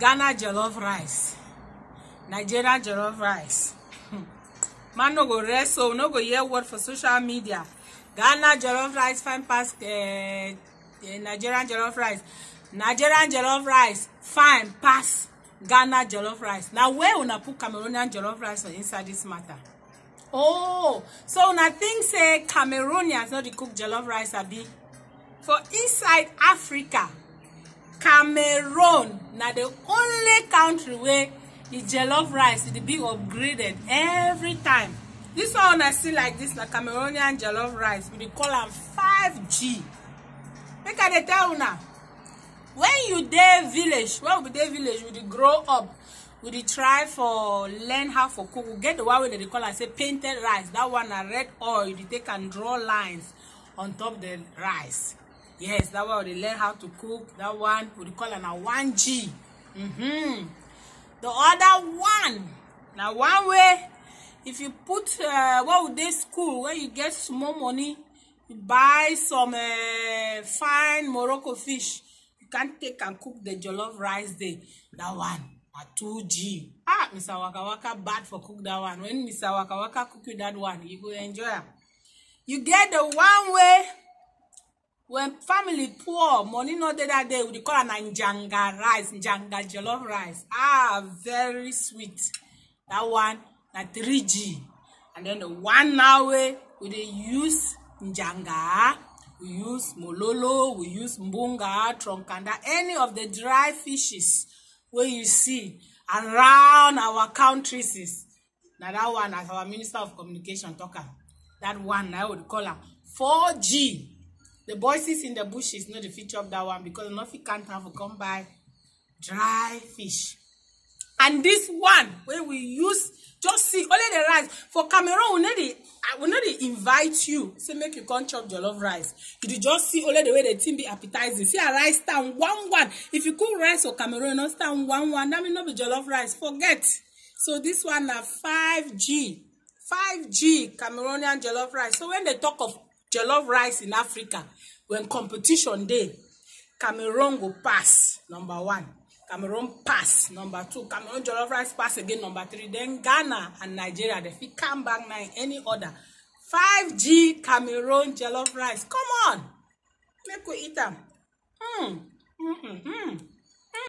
ghana jollof rice nigeria jollof rice man no go rest so no go hear word for social media ghana jollof rice fine pass uh, uh, nigerian jollof rice nigerian jollof rice fine pass ghana jollof rice na where una put cameroonian jollof rice for inside this matter oh so una think say cameroonians no dey cook jollof rice abi for inside africa cameroon na the only country wey the jollof rice dey be upgraded every time this one una see like this na cameroonian jollof rice we dey call am 5g make i dey tell una when you dey village when we dey village we dey grow up we dey try for learn how for cook we get the one wey dem dey call am say painted rice that one na red oil you dey take am draw lines on top the rice yes that one we dey learn how to cook that one we dey call am na one g mm -hmm. the other one na one way if you put uh, what we dey school when you get small money you buy some uh, fine morocco fish you can take and cook the jollof rice there that one na two g ah mr waka waka bad for cook that one when mr waka waka cook you that one you go enjoy am you get the one way when family poor money no dey that day we dey call am na njanga rice njanga jollof rice ah very sweet that one na 3g and then one hour we dey use njanga we use mololo we use mbunga tronkanda any of the dry fishes wey you see around our countries na that one as our minister of communication talk am that one na we dey call am 4g The voices in the bushes, not the feature of that one because nothing can't have come by dry fish. And this one, when we use, just see, only the rice. For Cameroon, we no dey, ah, we no invite you. Say, make you come chop jollof rice. You just see only the way the thing be appetizing. See, a rice stand one one. If you cook rice for Cameroon, e not stand one one. That may not be jollof rice. Forget. So this one na 5G. 5G Cameroonian jollof rice. So when they talk of jollof rice in africa when competition dey cameroon go pass number one cameroon pass number two cameroon jollof rice pass again number three then ghana and nigeria dey fit come back now, any order 5g cameroon jollof rice come on make we eat am. Mm. Mm -mm -mm.